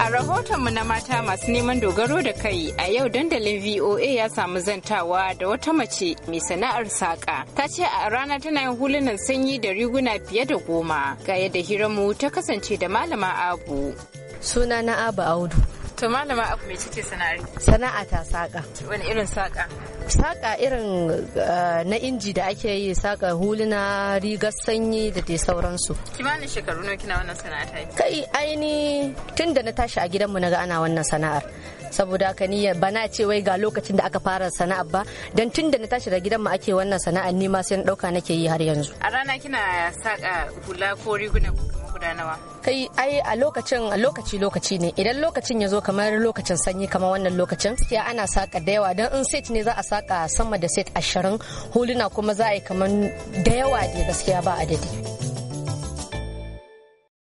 A rahotonmu na mata masu neman dogaro da kai a yau dandalin VOA ya samu zantawa da wata mace mai sana'ar saƙa. Ta ce a rana tana yin hulunan sanyi da riguna fiye da goma. Ga yadda hiranmu ta kasance da malama Abu. Suna na Abu Audu. To malama Abu mai cike Sana'a ta saƙa. Wani irin saƙa? saka irin eh, na inji da ake yi saka huluna rigar sanyi da dai sauransu kimanin shekaru nawa kina wannan sana'a kai aini tun da na tashi a gidanmu ga ana wannan sana'ar saboda niyyar ni bana ce wai ga lokacin da aka fara sana'ar ba dan tun da na tashi da gidanmu ake wannan sana'ar ni ma sai na dauka nake yi har yanzu a rana kina saka hula ko riguna kai ai a lokacin a lokaci lokaci ne idan lokacin ya zo kamar lokacin sanyi kamar wannan lokacin gaskiya ana saka da yawa don in set ne za a saka sama da set ashirin huluna kuma za a yi kamar da yawa da gaskiya ba adadi